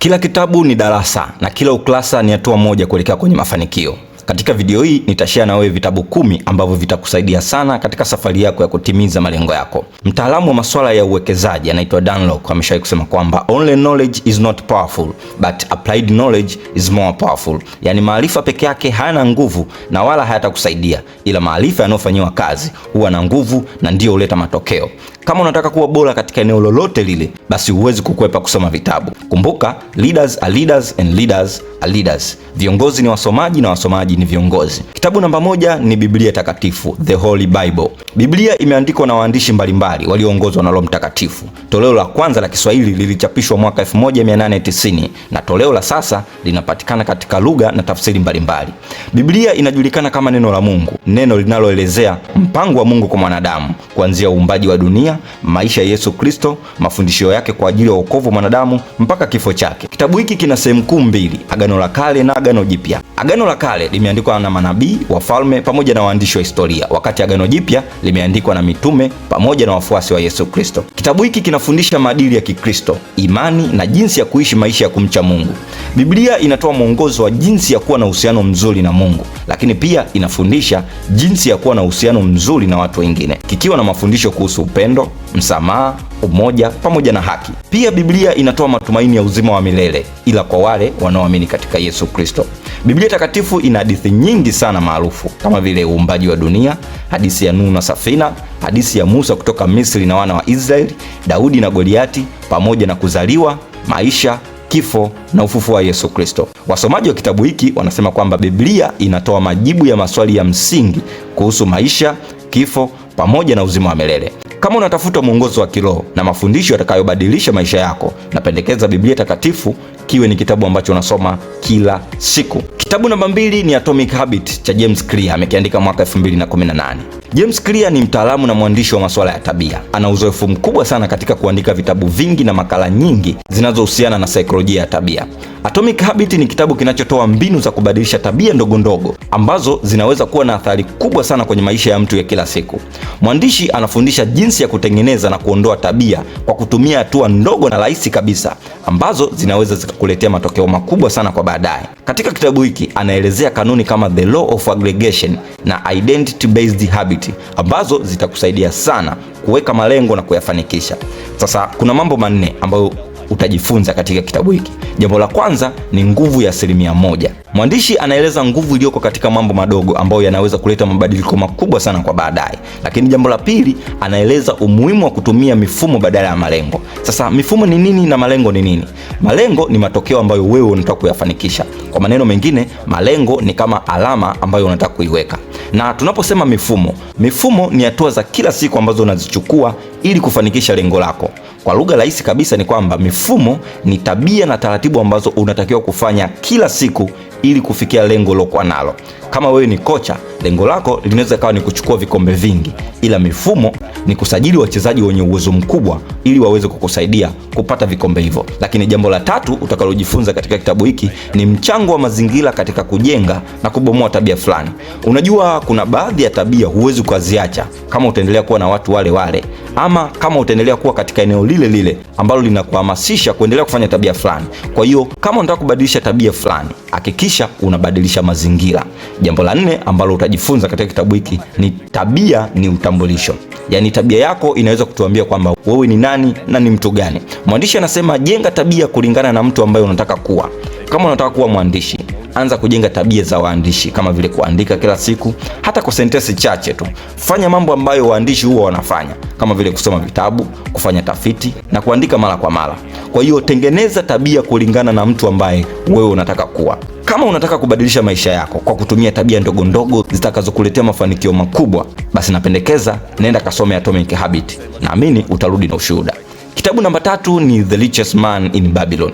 Kila kitabu ni darasa na kila ukurasa ni hatua moja kuelekea kwenye mafanikio. Katika video hii nitashare na wewe vitabu kumi ambavyo vitakusaidia sana katika safari yako ya kutimiza malengo yako. Mtaalamu wa masuala ya uwekezaji anaitwa Dan Lok ameshawahi kusema kwamba only knowledge is not powerful but applied knowledge is more powerful, yaani maarifa peke yake hayana nguvu na wala hayatakusaidia, ila maarifa yanayofanyiwa kazi huwa na nguvu na ndiyo huleta matokeo. Kama unataka kuwa bora katika eneo lolote lile, basi huwezi kukwepa kusoma vitabu. Kumbuka, leaders are leaders and leaders are leaders. Viongozi ni wasomaji na wasomaji ni viongozi. Kitabu namba moja ni Biblia Takatifu, the Holy Bible. Biblia imeandikwa na waandishi mbalimbali walioongozwa na Roho Mtakatifu. Toleo la kwanza la Kiswahili lilichapishwa mwaka 1890 na toleo la sasa linapatikana katika lugha na tafsiri mbalimbali. Biblia inajulikana kama neno la Mungu, neno linaloelezea mpango wa Mungu kwa mwanadamu kuanzia uumbaji wa dunia Tanzania, maisha ya Yesu Kristo, mafundisho yake kwa ajili ya wokovu wa mwanadamu mpaka kifo chake. Kitabu hiki kina sehemu kuu mbili, Agano la Kale na Agano Jipya. Agano la Kale limeandikwa na manabii, wafalme pamoja na waandishi wa historia, wakati Agano Jipya limeandikwa na mitume pamoja na wafuasi wa Yesu Kristo. Kitabu hiki kinafundisha maadili ya Kikristo, imani na jinsi ya kuishi maisha ya kumcha Mungu. Biblia inatoa mwongozo wa jinsi ya kuwa na uhusiano mzuri na Mungu, lakini pia inafundisha jinsi ya kuwa na uhusiano mzuri na watu wengine, kikiwa na mafundisho kuhusu upendo upendo, msamaha, umoja pamoja na haki. Pia Biblia inatoa matumaini ya uzima wa milele ila kwa wale wanaoamini katika Yesu Kristo. Biblia takatifu ina hadithi nyingi sana maarufu kama vile uumbaji wa dunia, hadithi ya Nuhu na safina, hadithi ya Musa kutoka Misri na wana wa Israeli, Daudi na Goliati, pamoja na kuzaliwa, maisha kifo na ufufuo wa Yesu Kristo. Wasomaji wa kitabu hiki wanasema kwamba Biblia inatoa majibu ya maswali ya msingi kuhusu maisha, kifo pamoja na uzima wa milele. Kama unatafuta mwongozo wa kiroho na mafundisho yatakayobadilisha maisha yako, napendekeza Biblia Takatifu kiwe ni kitabu ambacho unasoma kila siku. Kitabu namba mbili ni Atomic Habit cha James Clear, amekiandika mwaka 2018. James Clear ni mtaalamu na mwandishi wa masuala ya tabia. Ana uzoefu mkubwa sana katika kuandika vitabu vingi na makala nyingi zinazohusiana na saikolojia ya tabia. Atomic Habit ni kitabu kinachotoa mbinu za kubadilisha tabia ndogo ndogo ambazo zinaweza kuwa na athari kubwa sana kwenye maisha ya mtu ya kila siku. Mwandishi anafundisha jinsi ya kutengeneza na kuondoa tabia kwa kutumia hatua ndogo na rahisi kabisa ambazo zinaweza zikakuletea matokeo makubwa sana kwa baadaye. Katika kitabu hiki anaelezea kanuni kama The Law of Aggregation na Identity Based Habit habit ambazo zitakusaidia sana kuweka malengo na kuyafanikisha. Sasa kuna mambo manne ambayo utajifunza katika kitabu hiki. Jambo la kwanza ni nguvu ya asilimia moja. Mwandishi anaeleza nguvu iliyoko katika mambo madogo ambayo yanaweza kuleta mabadiliko makubwa sana kwa baadaye. Lakini jambo la pili, anaeleza umuhimu wa kutumia mifumo badala ya malengo. Sasa mifumo ni nini na malengo ni nini? Malengo ni matokeo ambayo wewe unataka kuyafanikisha. Kwa maneno mengine, malengo ni kama alama ambayo unataka kuiweka. Na tunaposema mifumo, mifumo ni hatua za kila siku ambazo unazichukua ili kufanikisha lengo lako. Kwa lugha rahisi kabisa ni kwamba mifumo ni tabia na taratibu ambazo unatakiwa kufanya kila siku ili kufikia lengo lilokuwa nalo. Kama wewe ni kocha, lengo lako linaweza kawa ni kuchukua vikombe vingi, ila mifumo ni kusajili wachezaji wenye uwezo mkubwa ili waweze kukusaidia kupata vikombe hivyo. Lakini jambo la tatu utakalojifunza katika kitabu hiki ni mchango wa mazingira katika kujenga na kubomoa tabia fulani. Unajua, kuna baadhi ya tabia huwezi ukaziacha kama utaendelea kuwa na watu wale wale, ama kama utaendelea kuwa katika eneo lile lile ambalo linakuhamasisha kuendelea kufanya tabia fulani. Kwa hiyo kama unataka kubadilisha tabia fulani hakikisha unabadilisha mazingira. Jambo la nne ambalo utajifunza katika kitabu hiki ni tabia ni utambulisho. Yaani tabia yako inaweza kutuambia kwamba wewe ni nani na ni mtu gani. Mwandishi anasema jenga tabia kulingana na mtu ambaye unataka kuwa. Kama unataka kuwa mwandishi, anza kujenga tabia za waandishi kama vile kuandika kila siku, hata kwa sentensi chache tu. Fanya mambo ambayo waandishi huwa wanafanya kama vile kusoma vitabu, kufanya tafiti na kuandika mara kwa mara. Kwa hiyo tengeneza tabia kulingana na mtu ambaye wewe unataka kuwa. Kama unataka kubadilisha maisha yako kwa kutumia tabia ndogo ndogo zitakazokuletea mafanikio makubwa, basi napendekeza nenda kasome Atomic Habit, naamini utarudi na ushuhuda. Kitabu namba tatu ni The Richest Man in Babylon.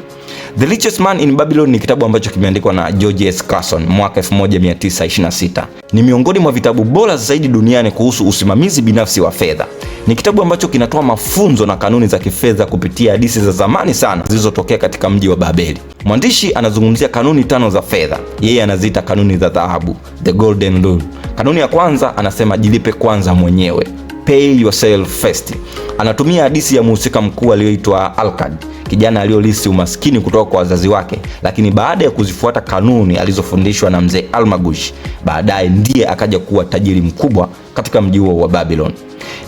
The Richest Man in Babylon ni kitabu ambacho kimeandikwa na George S. Carson mwaka 1926. Ni miongoni mwa vitabu bora zaidi duniani kuhusu usimamizi binafsi wa fedha. Ni kitabu ambacho kinatoa mafunzo na kanuni za kifedha kupitia hadithi za zamani sana zilizotokea katika mji wa Babeli. Mwandishi anazungumzia kanuni tano za fedha, yeye anaziita kanuni za dhahabu, the golden rule. Kanuni ya kwanza anasema, jilipe kwanza mwenyewe, pay yourself first. Anatumia hadithi ya mhusika mkuu aliyoitwa Alkad kijana aliyolisi umaskini kutoka kwa wazazi wake, lakini baada ya kuzifuata kanuni alizofundishwa na mzee Almagush, baadaye ndiye akaja kuwa tajiri mkubwa katika mji huo wa Babylon.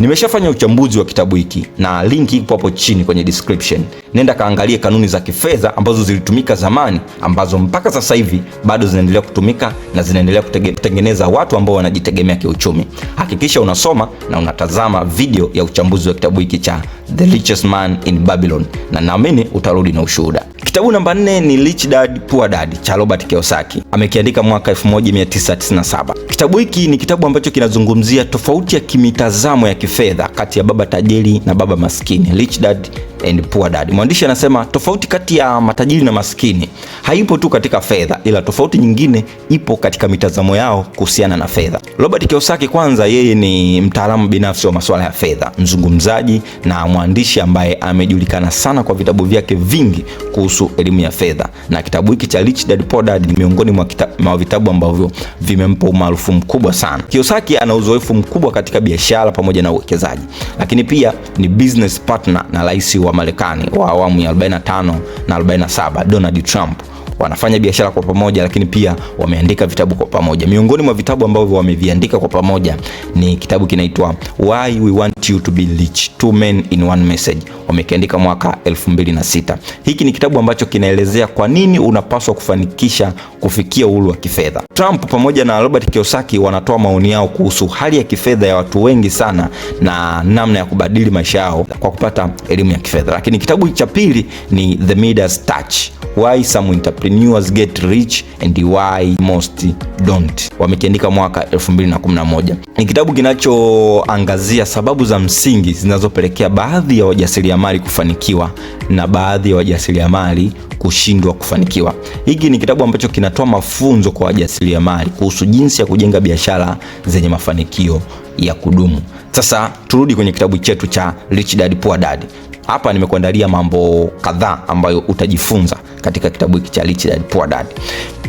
Nimeshafanya uchambuzi wa kitabu hiki na linki ipo hapo chini kwenye description. Nenda kaangalie kanuni za kifedha ambazo zilitumika zamani, ambazo mpaka sasa hivi bado zinaendelea kutumika na zinaendelea kutengeneza watu ambao wanajitegemea kiuchumi. Hakikisha unasoma na unatazama video ya uchambuzi wa kitabu hiki cha The Richest Man in Babylon, na naamini utarudi na ushuhuda. Kitabu namba 4 ni Rich Dad Poor Dad cha Robert Kiyosaki, amekiandika mwaka 1997. Kitabu hiki ni kitabu ambacho kinazungumzia njia tofauti ya kimitazamo ya kifedha kati ya baba tajiri na baba maskini, rich dad and poor dad. Mwandishi anasema tofauti kati ya matajiri na maskini haipo tu katika fedha, ila tofauti nyingine ipo katika mitazamo yao kuhusiana na fedha. Robert Kiyosaki kwanza, yeye ni mtaalamu binafsi wa masuala ya fedha, mzungumzaji na mwandishi ambaye amejulikana sana kwa vitabu vyake vingi kuhusu elimu ya fedha, na kitabu hiki cha Rich Dad Poor Dad ni miongoni mwa, mwa vitabu ambavyo vimempa umaarufu mkubwa sana. Kiyosaki ana uzoefu mkubwa katika biashara pamoja na uwekezaji, lakini pia ni business partner na rais wa Marekani wa awamu ya 45 na 47 Donald Trump wanafanya biashara kwa pamoja, lakini pia wameandika vitabu kwa pamoja. Miongoni mwa vitabu ambavyo wameviandika kwa pamoja ni kitabu kinaitwa Why We Want you to be rich, two men in one message, wamekiandika mwaka 2006. Hiki ni kitabu ambacho kinaelezea kwa nini unapaswa kufanikisha kufikia uhuru wa kifedha. Trump pamoja na Robert Kiyosaki wanatoa maoni yao kuhusu hali ya kifedha ya watu wengi sana na namna ya kubadili maisha yao kwa kupata elimu ya kifedha. Lakini kitabu cha pili ni The Midas Touch, Why Some Entrepreneurs Get Rich and Why Most Don't, wamekiandika mwaka 2011. Ni kitabu kinachoangazia sababu za msingi zinazopelekea baadhi ya wajasiriamali kufanikiwa na baadhi ya wajasiriamali kushindwa kufanikiwa. Hiki ni kitabu ambacho kinatoa mafunzo kwa wajasiriamali kuhusu jinsi ya kujenga biashara zenye mafanikio ya kudumu. Sasa turudi kwenye kitabu chetu cha Rich Dad Poor Dad. Hapa nimekuandalia mambo kadhaa ambayo utajifunza katika kitabu hiki cha Rich Dad Poor Dad.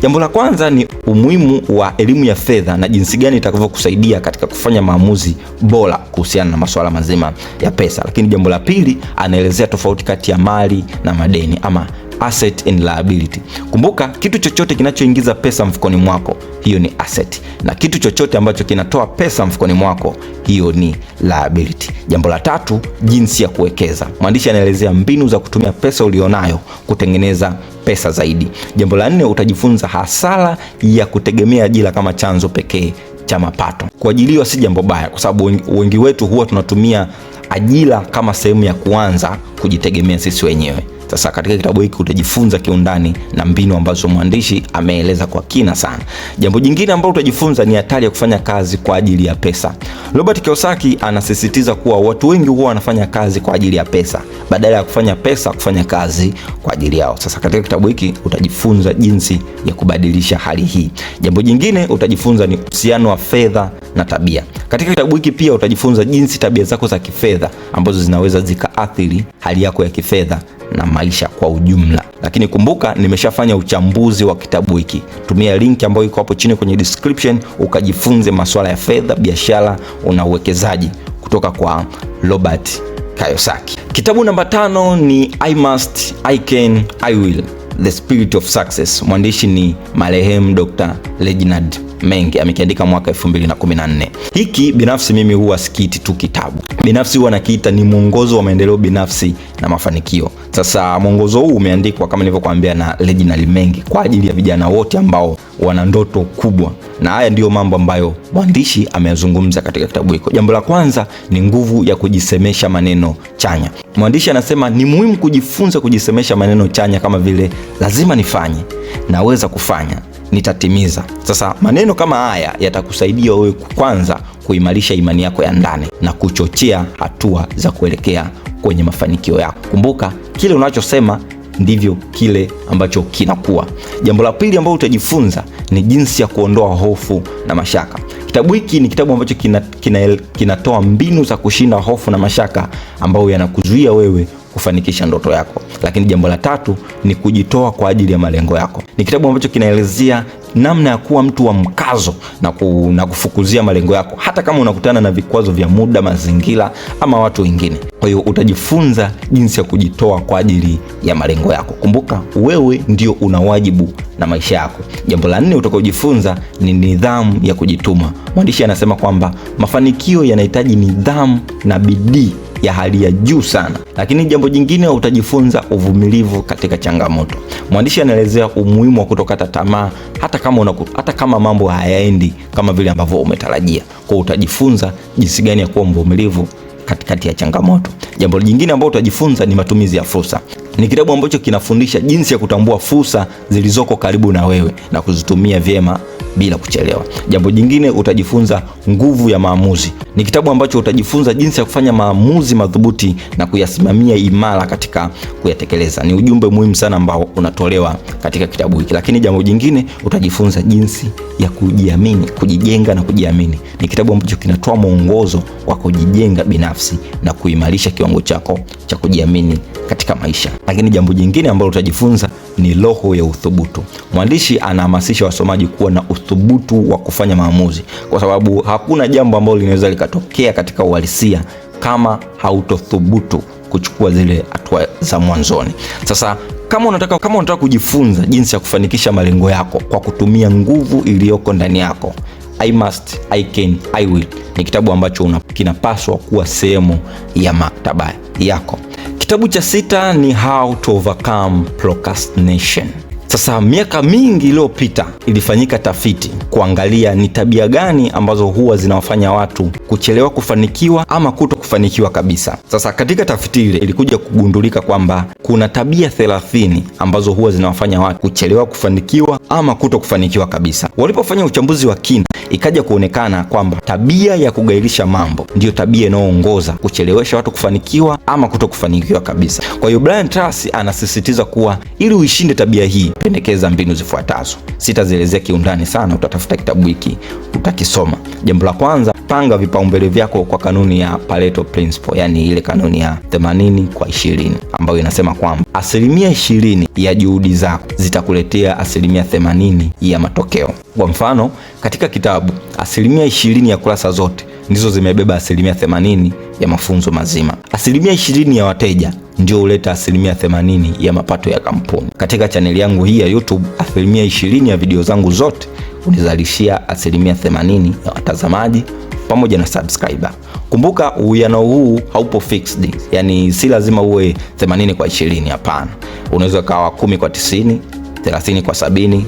Jambo la kwanza ni umuhimu wa elimu ya fedha na jinsi gani itakavyokusaidia katika kufanya maamuzi bora kuhusiana na masuala mazima ya pesa. Lakini jambo la pili, anaelezea tofauti kati ya mali na madeni ama asset and liability. Kumbuka, kitu chochote kinachoingiza pesa mfukoni mwako hiyo ni asset, na kitu chochote ambacho kinatoa pesa mfukoni mwako hiyo ni liability. Jambo la tatu, jinsi ya kuwekeza. Mwandishi anaelezea mbinu za kutumia pesa ulionayo kutengeneza pesa zaidi. Jambo la nne, utajifunza hasara ya kutegemea ajira kama chanzo pekee cha mapato. Kuajiliwa si jambo baya, kwa sababu wengi wetu huwa tunatumia ajira kama sehemu ya kuanza kujitegemea sisi wenyewe. Sasa katika kitabu hiki utajifunza kiundani na mbinu ambazo mwandishi ameeleza kwa kina sana. Jambo jingine ambalo utajifunza ni hatari ya kufanya kazi kwa ajili ya pesa. Robert Kiyosaki anasisitiza kuwa watu wengi huwa wanafanya kazi kwa ajili ya pesa badala ya kufanya pesa kufanya kazi kwa ajili yao. Sasa katika kitabu hiki utajifunza jinsi ya kubadilisha hali hii. Jambo jingine utajifunza ni uhusiano wa fedha na tabia. Katika kitabu hiki pia utajifunza jinsi tabia zako za kifedha ambazo zinaweza zikaathiri hali yako ya kifedha na maisha kwa ujumla. Lakini kumbuka, nimeshafanya uchambuzi wa kitabu hiki. Tumia linki ambayo iko hapo chini kwenye description ukajifunze masuala ya fedha, biashara na uwekezaji kutoka kwa Robert Kiyosaki. Kitabu namba tano ni I Must, I Can, I Will The Spirit of Success. Mwandishi ni marehemu Dr. Reginald Mengi amekiandika mwaka 2014. Hiki binafsi mimi huwa sikiti tu kitabu, binafsi huwa nakiita ni mwongozo wa maendeleo binafsi na mafanikio. Sasa mwongozo huu umeandikwa kama nilivyokuambia na Reginald Mengi kwa ajili ya vijana wote ambao wana ndoto kubwa na haya ndiyo mambo ambayo mwandishi ameyazungumza katika kitabu hiko. Jambo la kwanza ni nguvu ya kujisemesha maneno chanya. Mwandishi anasema ni muhimu kujifunza kujisemesha maneno chanya kama vile lazima nifanye, naweza kufanya, nitatimiza. Sasa maneno kama haya yatakusaidia wewe kwanza kuimarisha imani yako ya ndani na kuchochea hatua za kuelekea kwenye mafanikio yako. Kumbuka kile unachosema ndivyo kile ambacho kinakuwa. Jambo la pili ambalo utajifunza ni jinsi ya kuondoa hofu na mashaka. Kitabu hiki ni kitabu ambacho kinatoa kina, kina mbinu za kushinda hofu na mashaka ambayo yanakuzuia wewe kufanikisha ndoto yako. Lakini jambo la tatu ni kujitoa kwa ajili ya malengo yako. Ni kitabu ambacho kinaelezea namna ya kuwa mtu wa mkazo na, ku, na kufukuzia malengo yako hata kama unakutana na vikwazo vya muda, mazingira ama watu wengine. Kwa hiyo utajifunza jinsi ya kujitoa kwa ajili ya malengo yako. Kumbuka wewe ndio una wajibu na maisha yako. Jambo la nne utakaojifunza ni nidhamu ya kujituma. Mwandishi anasema kwamba mafanikio yanahitaji nidhamu na bidii ya hali ya juu sana. Lakini jambo jingine utajifunza uvumilivu katika changamoto. Mwandishi anaelezea umuhimu wa kutokata tamaa hata kama unaku, hata kama mambo hayaendi kama vile ambavyo umetarajia. Kwa utajifunza jinsi gani ya kuwa mvumilivu katikati ya changamoto. Jambo jingine ambalo utajifunza ni matumizi ya fursa. Ni kitabu ambacho kinafundisha jinsi ya kutambua fursa zilizoko karibu na wewe na kuzitumia vyema bila kuchelewa. Jambo jingine utajifunza nguvu ya maamuzi. Ni kitabu ambacho utajifunza jinsi ya kufanya maamuzi madhubuti na kuyasimamia imara katika kuyatekeleza. Ni ujumbe muhimu sana ambao unatolewa katika kitabu hiki, lakini jambo jingine utajifunza jinsi ya kujiamini, kujijenga na kujiamini. Ni kitabu ambacho kinatoa mwongozo wa kujijenga binafsi na kuimarisha kiwango chako cha kujiamini katika maisha. Lakini jambo jingine ambalo utajifunza ni roho ya uthubutu. Mwandishi anahamasisha wasomaji kuwa na uthubutu wa kufanya maamuzi, kwa sababu hakuna jambo ambalo linaweza likatokea katika uhalisia kama hautothubutu kuchukua zile hatua za mwanzoni. Sasa kama unataka, kama unataka kujifunza jinsi ya kufanikisha malengo yako kwa kutumia nguvu iliyoko ndani yako I must, I can, I will ni kitabu ambacho kinapaswa kuwa sehemu ya maktaba yako. Kitabu cha sita ni How to Overcome Procrastination. Sasa miaka mingi iliyopita ilifanyika tafiti kuangalia ni tabia gani ambazo huwa zinawafanya watu kuchelewa kufanikiwa ama kuto kufanikiwa kabisa. Sasa katika tafiti ile ilikuja kugundulika kwamba kuna tabia thelathini ambazo huwa zinawafanya watu kuchelewa kufanikiwa ama kuto kufanikiwa kabisa. Walipofanya uchambuzi wa kina ikaja kuonekana kwamba tabia ya kugairisha mambo ndiyo tabia inayoongoza kuchelewesha watu kufanikiwa ama kutokufanikiwa kabisa. Kwa hiyo Brian Tracy anasisitiza kuwa ili uishinde tabia hii, pendekeza mbinu zifuatazo. Sitazielezea kiundani sana, utatafuta kitabu hiki utakisoma. Jambo la kwanza, panga vipaumbele vyako kwa kanuni ya Pareto Principle, yani ile kanuni ya 80 kwa 20 ambayo inasema kwamba asilimia 20 ya juhudi zako zitakuletea asilimia 80 ya matokeo. Kwa mfano, katika kitabu asilimia 20 ya kurasa zote ndizo zimebeba asilimia 80 ya mafunzo mazima. Asilimia 20 ya wateja ndio huleta asilimia 80 ya mapato ya kampuni. Katika chaneli yangu hii ya YouTube, asilimia 20 ya video zangu zote hunizalishia asilimia 80 ya watazamaji pamoja na subscriber. Kumbuka uwiano huu haupo fixed, yani si lazima uwe 80 kwa 20. Hapana, unaweza ukawa 10 kwa 90, 30 kwa 70,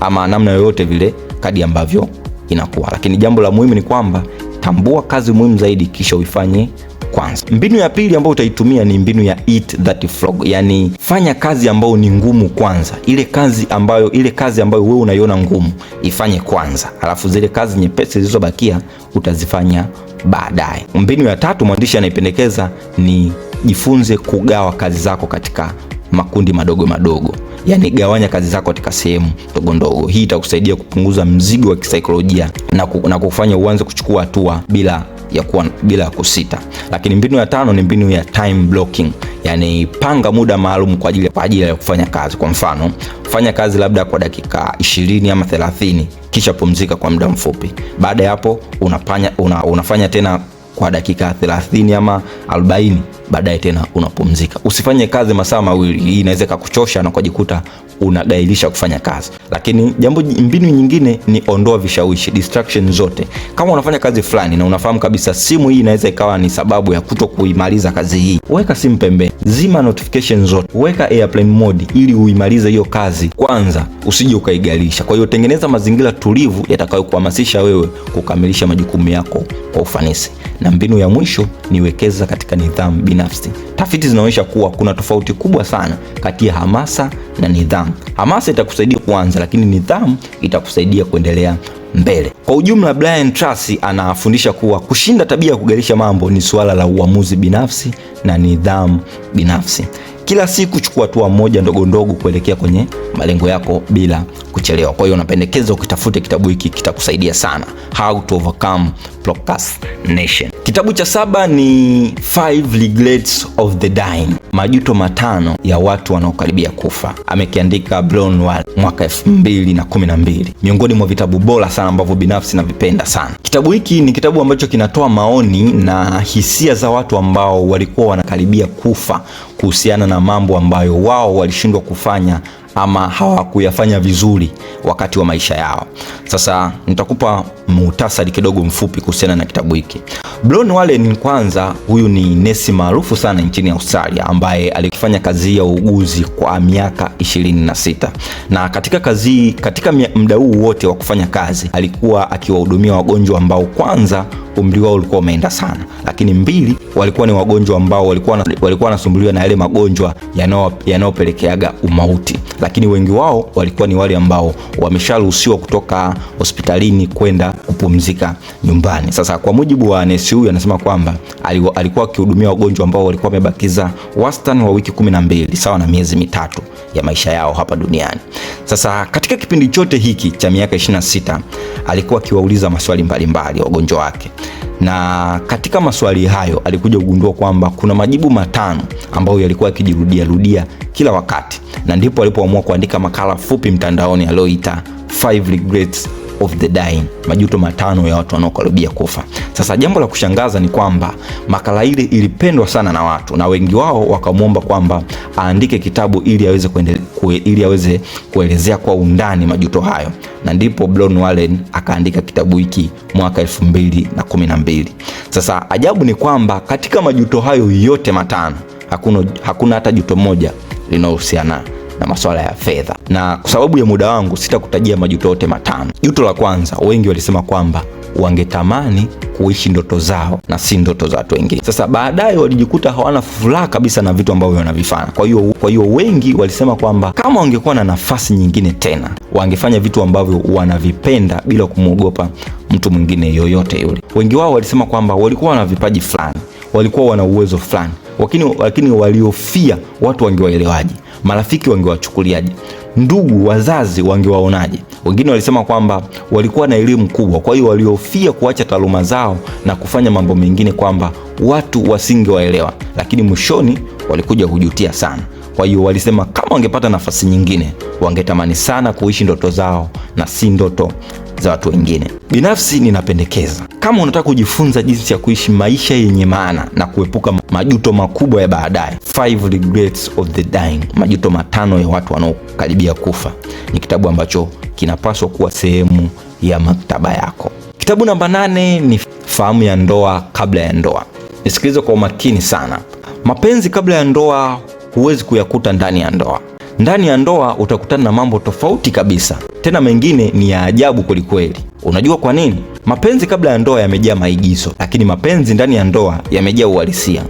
ama namna yoyote vile kadi ambavyo inakuwa. Lakini jambo la muhimu ni kwamba tambua kazi muhimu zaidi, kisha uifanye kwanza. Mbinu ya pili ambayo utaitumia ni mbinu ya eat that frog, yani fanya kazi ambayo ni ngumu kwanza, ile kazi ambayo ile kazi ambayo wewe unaiona ngumu ifanye kwanza, alafu zile kazi nyepesi zilizobakia utazifanya baadaye. Mbinu ya tatu mwandishi anaipendekeza ni jifunze kugawa kazi zako katika makundi madogo madogo, yani gawanya kazi zako katika sehemu ndogo ndogo. Hii itakusaidia kupunguza mzigo wa kisaikolojia na, na kufanya uanze kuchukua hatua bila ya kuwa bila ya kusita. Lakini mbinu ya tano ni mbinu ya time blocking, yani panga muda maalum kwa ajili kwa ajili ya kufanya kazi. Kwa mfano, fanya kazi labda kwa dakika 20 ama 30 kisha pumzika kwa muda mfupi. Baada ya hapo unafanya, una, unafanya tena kwa dakika 30 ama 40 baadaye tena unapumzika. Usifanye kazi masaa mawili, hii inaweza kukuchosha na ukajikuta unadailisha kufanya kazi. Lakini jambo, mbinu nyingine ni ondoa vishawishi, distraction zote. Kama unafanya kazi fulani na unafahamu kabisa simu hii inaweza ikawa ni sababu ya kuto kuimaliza kazi hii, weka simu pembeni, zima notification zote, weka airplane mode ili uimalize hiyo kazi kwanza, usije ukaigalisha. Kwa hiyo tengeneza mazingira tulivu yatakayokuhamasisha wewe kukamilisha majukumu yako kwa ufanisi. Na mbinu ya mwisho ni wekeza katika nidhamu binafsi. Tafiti zinaonyesha kuwa kuna tofauti kubwa sana kati ya hamasa na nidhamu. Hamasa itakusaidia kuanza, lakini nidhamu itakusaidia kuendelea mbele. Kwa ujumla, Brian Tracy anafundisha kuwa kushinda tabia ya kugalisha mambo ni suala la uamuzi binafsi na nidhamu binafsi. Kila siku chukua hatua moja ndogo ndogo kuelekea kwenye malengo yako bila kuchelewa. Kwa hiyo napendekeza ukitafute kitabu hiki, kitakusaidia sana, How to Overcome Procrastination. Kitabu cha saba ni Five Regrets of the Dying, majuto matano ya watu wanaokaribia kufa. Amekiandika Bronwell mwaka 2012, miongoni mwa vitabu bora sana ambavyo binafsi navipenda sana. Kitabu hiki ni kitabu ambacho kinatoa maoni na hisia za watu ambao walikuwa wanakaribia kufa kuhusiana na mambo ambayo wao walishindwa kufanya ama hawakuyafanya vizuri wakati wa maisha yao. Sasa nitakupa muhtasari kidogo mfupi kuhusiana na kitabu hiki. Bron Warren kwanza, huyu ni nesi maarufu sana nchini Australia ambaye alifanya kazi ya uuguzi kwa miaka 26 na katika kazi, katika muda huu wote wa kufanya kazi alikuwa akiwahudumia wagonjwa ambao kwanza umri wao ulikuwa umeenda sana, lakini mbili, walikuwa ni wagonjwa ambao walikuwa wanasumbuliwa na yale magonjwa yanayopelekeaga umauti lakini wengi wao walikuwa ni wale ambao wamesharuhusiwa kutoka hospitalini kwenda kupumzika nyumbani. Sasa kwa mujibu wa nesi huyu anasema kwamba alikuwa akihudumia wagonjwa ambao walikuwa wamebakiza wastani wa wiki kumi na mbili sawa na miezi mitatu ya maisha yao hapa duniani. Sasa katika kipindi chote hiki cha miaka 26 alikuwa akiwauliza maswali mbalimbali wagonjwa wake, na katika maswali hayo alikuja kugundua kwamba kuna majibu matano ambayo yalikuwa yakijirudia rudia kila wakati, na ndipo alipoamua kuandika makala fupi mtandaoni aliyoita 5 Regrets of the dying, majuto matano ya watu wanaokaribia kufa. Sasa jambo la kushangaza ni kwamba makala ile ilipendwa sana na watu na wengi wao wakamwomba kwamba aandike kitabu ili aweze kuendele, kue, ili aweze kuelezea kwa undani majuto hayo, na ndipo Blon Warren akaandika kitabu hiki mwaka 2012. Sasa ajabu ni kwamba katika majuto hayo yote matano hakuna, hakuna hata juto moja linaohusiana na masuala ya fedha, na kwa sababu ya muda wangu sitakutajia majuto yote matano. Juto la kwanza, wengi walisema kwamba wangetamani kuishi ndoto zao na si ndoto za watu wengine. Sasa baadaye walijikuta hawana furaha kabisa na vitu ambavyo wanavifanya. Kwa hiyo kwa hiyo wengi walisema kwamba kama wangekuwa na nafasi nyingine tena, wangefanya vitu ambavyo wanavipenda bila kumwogopa mtu mwingine yoyote yule. Wengi wao walisema kwamba walikuwa wana vipaji fulani, walikuwa wana uwezo fulani lakini lakini waliofia watu wangewaelewaje? Marafiki wangewachukuliaje? Ndugu, wazazi wangewaonaje? Wengine walisema kwamba walikuwa na elimu kubwa, kwa hiyo waliofia kuacha taaluma zao na kufanya mambo mengine, kwamba watu wasingewaelewa, lakini mwishoni walikuja kujutia sana. Kwa hiyo walisema kama wangepata nafasi nyingine, wangetamani sana kuishi ndoto zao na si ndoto za watu wengine. Binafsi ninapendekeza kama unataka kujifunza jinsi ya kuishi maisha yenye maana na kuepuka majuto makubwa ya baadaye, Five Regrets of the Dying, majuto matano ya watu wanaokaribia kufa, ni kitabu ambacho kinapaswa kuwa sehemu ya maktaba yako. Kitabu namba nane ni Fahamu ya Ndoa Kabla ya Ndoa. Nisikilize kwa umakini sana. Mapenzi kabla ya ndoa huwezi kuyakuta ndani ya ndoa. Ndani ya ndoa utakutana na mambo tofauti kabisa, tena mengine ni ya ajabu kwelikweli. Unajua kwa nini? Mapenzi kabla ya ndoa yamejaa maigizo, lakini mapenzi ndani ya ndoa yamejaa uhalisia.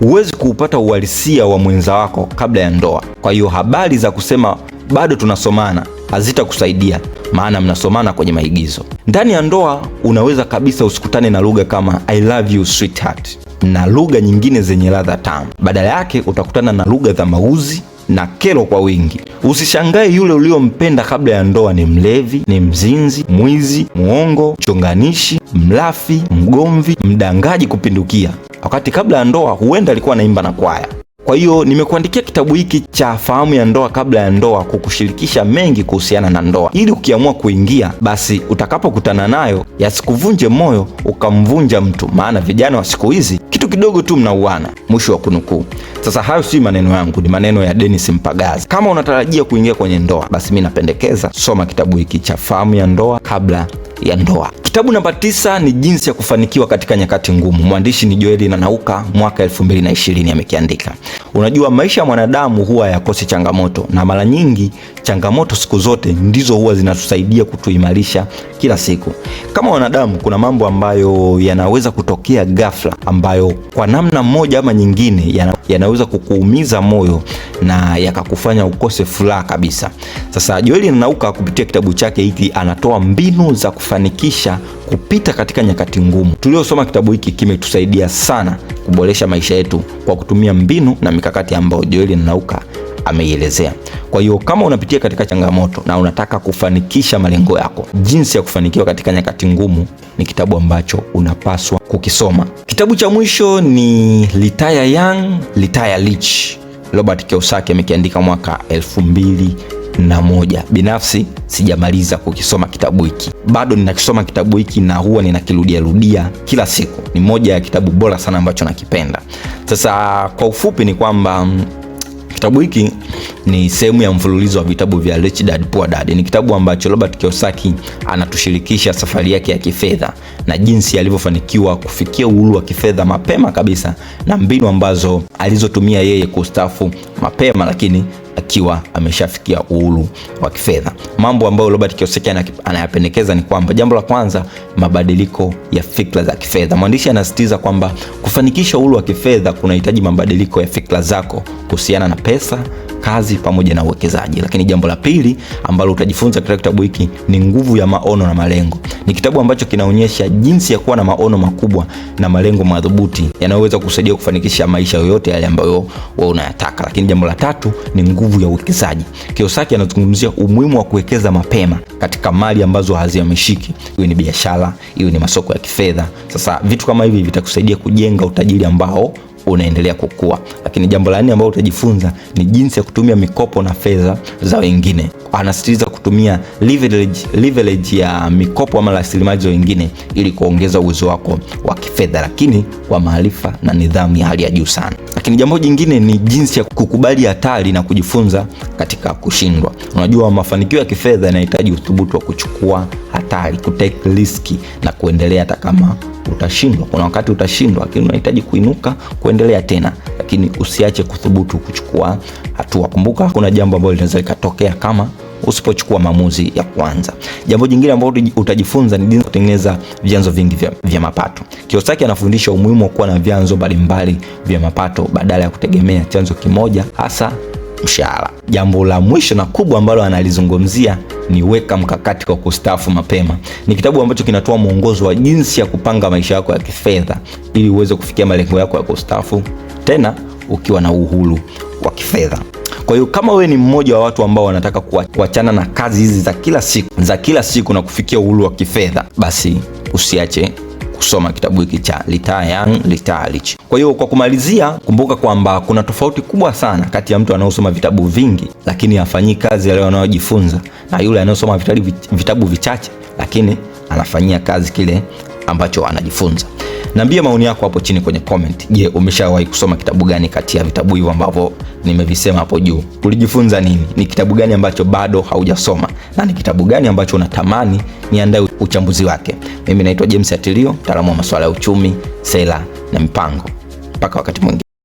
Huwezi kuupata uhalisia wa mwenza wako kabla ya ndoa. Kwa hiyo habari za kusema bado tunasomana hazitakusaidia, maana mnasomana kwenye maigizo. Ndani ya ndoa unaweza kabisa usikutane na lugha kama I love you sweetheart na lugha nyingine zenye ladha tamu. Badala yake utakutana na lugha za mauzi na kero kwa wingi. Usishangae yule uliompenda kabla ya ndoa ni mlevi, ni mzinzi, mwizi, muongo, mchonganishi, mlafi, mgomvi, mdangaji kupindukia, wakati kabla ya ndoa huenda alikuwa anaimba na kwaya. Kwa hiyo nimekuandikia kitabu hiki cha Fahamu ya Ndoa Kabla ya Ndoa kukushirikisha mengi kuhusiana na ndoa, ili ukiamua kuingia, basi utakapokutana nayo yasikuvunje moyo ukamvunja mtu, maana vijana wa siku hizi kitu kidogo tu mnauana. Mwisho wa kunukuu. Sasa hayo si maneno yangu, ni maneno ya Dennis Mpagazi. Kama unatarajia kuingia kwenye ndoa, basi mi napendekeza soma kitabu hiki cha Fahamu ya Ndoa Kabla ya Ndoa. Kitabu namba tisa ni jinsi ya kufanikiwa katika nyakati ngumu. Mwandishi ni Joeli Nanauka, mwaka 2020 amekiandika. Unajua, maisha ya mwanadamu huwa yakosi changamoto, na mara nyingi changamoto siku zote ndizo huwa zinatusaidia kutuimarisha kila siku. Kama wanadamu, kuna mambo ambayo yanaweza kutokea ghafla, ambayo kwa namna moja ama nyingine yana, yanaweza kukuumiza moyo na yakakufanya ukose furaha kabisa. Sasa Joeli Nanauka kupitia kitabu chake hiki anatoa mbinu za kufanikisha kupita katika nyakati ngumu. Tuliosoma kitabu hiki kimetusaidia sana kuboresha maisha yetu kwa kutumia mbinu na mikakati ambayo Joel Nanauka ameielezea. Kwa hiyo kama unapitia katika changamoto na unataka kufanikisha malengo yako, jinsi ya kufanikiwa katika nyakati ngumu ni kitabu ambacho unapaswa kukisoma. Kitabu cha mwisho ni Retire Young, Retire Rich. Robert Kiyosaki amekiandika mwaka elfu mbili na moja. Binafsi sijamaliza kukisoma kitabu hiki, bado ninakisoma kitabu hiki na huwa ninakirudiarudia kila siku. Ni moja ya kitabu bora sana ambacho nakipenda. Sasa kwa ufupi ni kwamba mm, kitabu hiki ni sehemu ya mfululizo wa vitabu vya Rich Dad Poor Dad. Ni kitabu ambacho Robert Kiyosaki anatushirikisha safari yake ya kifedha na jinsi alivyofanikiwa kufikia uhuru wa kifedha mapema kabisa na mbinu ambazo alizotumia yeye kustaafu mapema, lakini akiwa ameshafikia uhuru wa kifedha. Mambo ambayo Robert Kiyosaki anayapendekeza ni kwamba, jambo la kwanza, mabadiliko ya fikra za kifedha. Mwandishi anasisitiza kwamba kufanikisha uhuru wa kifedha kunahitaji mabadiliko ya fikra zako kuhusiana na pesa kazi pamoja na uwekezaji. Lakini jambo la pili ambalo utajifunza katika kitabu hiki ni nguvu ya maono na malengo. Ni kitabu ambacho kinaonyesha jinsi ya kuwa na maono makubwa na malengo madhubuti yanayoweza kusaidia kufanikisha maisha yoyote yale ambayo wewe unayataka. Lakini jambo la tatu ni nguvu ya uwekezaji. Kiyosaki anazungumzia umuhimu wa kuwekeza mapema katika mali ambazo hazihamishiki, iwe ni biashara, iwe ni masoko ya kifedha. Sasa vitu kama hivi vitakusaidia kujenga utajiri ambao unaendelea kukua. Lakini jambo la nne ambalo utajifunza ni jinsi ya kutumia mikopo na fedha za wengine. Anasisitiza kutumia leverage, leverage ya mikopo ama rasilimali za wengine ili kuongeza uwezo wako wa kifedha, lakini kwa maarifa na nidhamu ya hali ya juu sana. Lakini jambo jingine ni jinsi ya kukubali hatari na kujifunza katika kushindwa. Unajua, mafanikio ya kifedha yanahitaji uthubutu wa kuchukua hatari, kutake riski na kuendelea hata kama utashindwa. Kuna wakati utashindwa, lakini unahitaji kuinuka, kuendelea tena, lakini usiache kuthubutu kuchukua hatua. Kumbuka kuna jambo ambalo linaweza likatokea kama usipochukua maamuzi ya kwanza. Jambo jingine ambalo utajifunza ni jinsi kutengeneza vyanzo vingi vya, vya mapato. Kiyosaki anafundisha umuhimu wa kuwa na vyanzo mbalimbali vya mapato badala ya kutegemea chanzo kimoja hasa mshahara. Jambo la mwisho na kubwa ambalo analizungumzia ni weka mkakati kwa kustaafu mapema. Ni kitabu ambacho kinatoa mwongozo wa jinsi ya kupanga maisha yako ya kifedha ili uweze kufikia malengo yako ya kustaafu, tena ukiwa na uhuru wa kifedha. Kwa hiyo kama wewe ni mmoja wa watu ambao wanataka kuachana na kazi hizi za kila siku za kila siku na kufikia uhuru wa kifedha, basi usiache kusoma kitabu hiki cha Retire Young Retire Rich. Kwa hiyo kwa kumalizia, kumbuka kwamba kuna tofauti kubwa sana kati ya mtu anaosoma vitabu vingi lakini afanyii kazi yale anayojifunza na yule anayosoma vitabu vichache lakini anafanyia kazi kile ambacho anajifunza. Niambie maoni yako hapo chini kwenye comment. Je, umeshawahi kusoma kitabu gani kati ya vitabu hivyo ambavyo nimevisema hapo juu? Ulijifunza nini? Ni kitabu gani ambacho bado haujasoma na ni kitabu gani ambacho unatamani niandae uchambuzi wake? Mimi naitwa James Atilio, mtaalamu wa masuala ya uchumi, sera na mipango. Mpaka wakati mwingine.